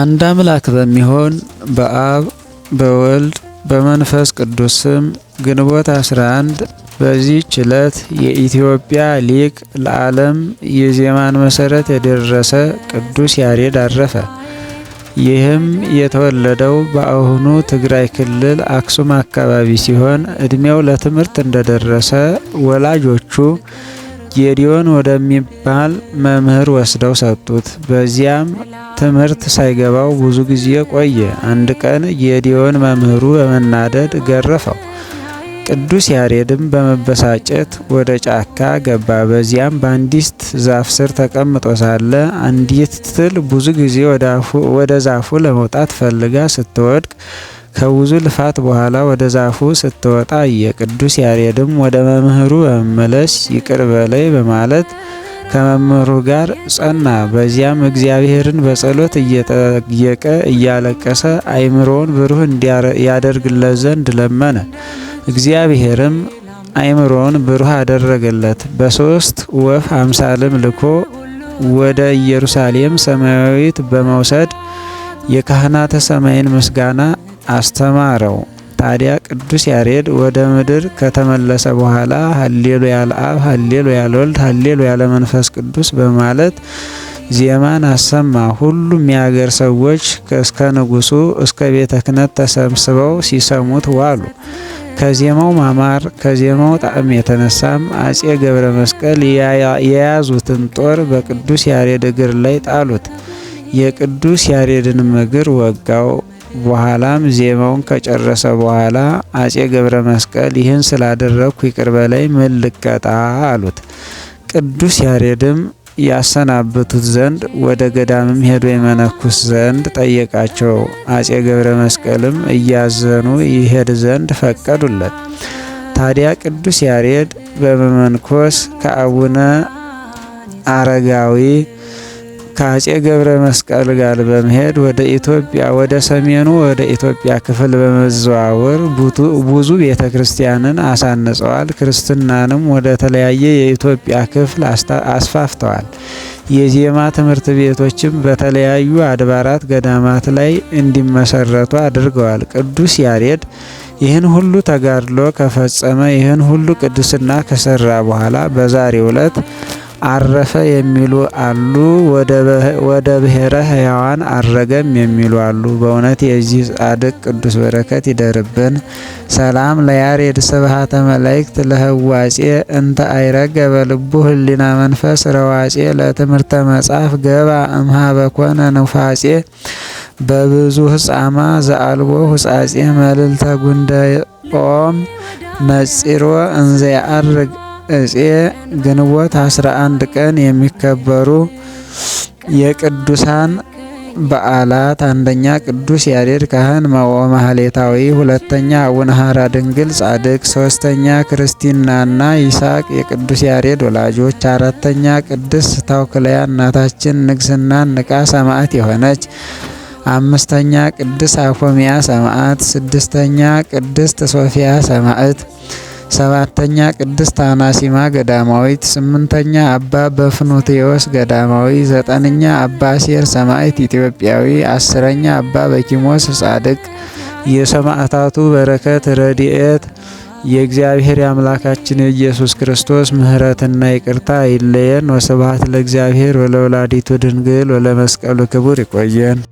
አንድ አምላክ በሚሆን በአብ በወልድ በመንፈስ ቅዱስ ስም ግንቦት 11 በዚህች ዕለት የኢትዮጵያ ሊቅ ለዓለም የዜማን መሰረት የደረሰ ቅዱስ ያሬድ አረፈ። ይህም የተወለደው በአሁኑ ትግራይ ክልል አክሱም አካባቢ ሲሆን እድሜው ለትምህርት እንደደረሰ ወላጆቹ ጌዲዮን ወደሚባል መምህር ወስደው ሰጡት። በዚያም ትምህርት ሳይገባው ብዙ ጊዜ ቆየ። አንድ ቀን ጌዲዮን መምህሩ በመናደድ ገረፈው። ቅዱስ ያሬድም በመበሳጨት ወደ ጫካ ገባ። በዚያም በአንዲት ዛፍ ስር ተቀምጦ ሳለ አንዲት ትል ብዙ ጊዜ ወደ ዛፉ ለመውጣት ፈልጋ ስትወድቅ ከብዙ ልፋት በኋላ ወደ ዛፉ ስትወጣ አየ። ቅዱስ ያሬድም ወደ መምህሩ በመመለስ ይቅር በለይ በማለት ከመምህሩ ጋር ጸና። በዚያም እግዚአብሔርን በጸሎት እየጠየቀ እያለቀሰ አይምሮውን ብሩህ እንዲያደርግለት ዘንድ ለመነ። እግዚአብሔርም አይምሮውን ብሩህ አደረገለት። በሶስት ወፍ አምሳልም ልኮ ወደ ኢየሩሳሌም ሰማያዊት በመውሰድ የካህናተ ሰማይን ምስጋና አስተማረው። ታዲያ ቅዱስ ያሬድ ወደ ምድር ከተመለሰ በኋላ ሀሌሉ ያለ ወልድ፣ ለወልድ፣ ያለ መንፈስ ቅዱስ በማለት ዜማን አሰማ። ሁሉም የአገር ሰዎች እስከ ንጉሱ እስከ ቤተ ክህነት ተሰብስበው ሲሰሙት ዋሉ። ከዜማው ማማር ከዜማው ጣዕም የተነሳም አጼ ገብረ መስቀል የያዙትን ጦር በቅዱስ ያሬድ እግር ላይ ጣሉት። የቅዱስ ያሬድንም እግር ወጋው። በኋላም ዜማውን ከጨረሰ በኋላ አጼ ገብረ መስቀል ይህን ስላደረግኩ ይቅር በላይ ምን ልቀጣ አሉት። ቅዱስ ያሬድም ያሰናብቱት ዘንድ ወደ ገዳምም ሄዶ የመነኩስ ዘንድ ጠየቃቸው። አጼ ገብረ መስቀልም እያዘኑ ይሄድ ዘንድ ፈቀዱለት። ታዲያ ቅዱስ ያሬድ በመመንኮስ ከአቡነ አረጋዊ ከአጼ ገብረ መስቀል ጋር በመሄድ ወደ ኢትዮጵያ ወደ ሰሜኑ ወደ ኢትዮጵያ ክፍል በመዘዋወር ብዙ ቤተ ክርስቲያንን አሳንጸዋል። ክርስትናንም ወደ ተለያየ የኢትዮጵያ ክፍል አስፋፍተዋል። የዜማ ትምህርት ቤቶችም በተለያዩ አድባራት፣ ገዳማት ላይ እንዲመሰረቱ አድርገዋል። ቅዱስ ያሬድ ይህን ሁሉ ተጋድሎ ከፈጸመ ይህን ሁሉ ቅድስና ከሰራ በኋላ በዛሬው ዕለት አረፈ የሚሉ አሉ፣ ወደ ብሔረ ሕያዋን አረገም የሚሉ አሉ። በእውነት የዚህ ጻድቅ ቅዱስ በረከት ይደርብን። ሰላም ለያሬድ ስብሃተ መላእክት ለህዋጼ እንተ አይረገ በልቡ ህሊና መንፈስ ረዋጼ ለትምህርተ መጽሐፍ ገባ እምሃ በኮነ ንፋጼ በብዙ ህጻማ ዘአልቦ ሁጻጼ መልልተ ጉንደቆም ነጺሮ እንዘ ያአርግ እጼ ግንቦት 11 ቀን የሚከበሩ የቅዱሳን በዓላት አንደኛ ቅዱስ ያሬድ ካህን ማሌታዊ ሁለተኛ አቡነ ሐራ ድንግል ጻድቅ፣ ሶስተኛ ክርስቲናና ይስሐቅ የቅዱስ ያሬድ ወላጆች፣ አራተኛ ቅድስት ታውክለያ እናታችን ንግስና ንቃ ሰማዕት የሆነች፣ አምስተኛ ቅድስት አፎሚያ ሰማዕት፣ ስድስተኛ ቅድስት ሶፊያ ሰማዕት ሰባተኛ ቅድስት አናሲማ ገዳማዊት፣ ስምንተኛ አባ በፍኑቴዎስ ገዳማዊ፣ ዘጠነኛ አባ ሴር ሰማዕት ኢትዮጵያዊ፣ አስረኛ አባ በኪሞስ ጻድቅ። የሰማዕታቱ በረከት ረድኤት የእግዚአብሔር የአምላካችን የኢየሱስ ክርስቶስ ምሕረትና ይቅርታ ይለየን። ወስብሐት ለእግዚአብሔር ወለወላዲቱ ድንግል ወለመስቀሉ ክቡር። ይቆየን።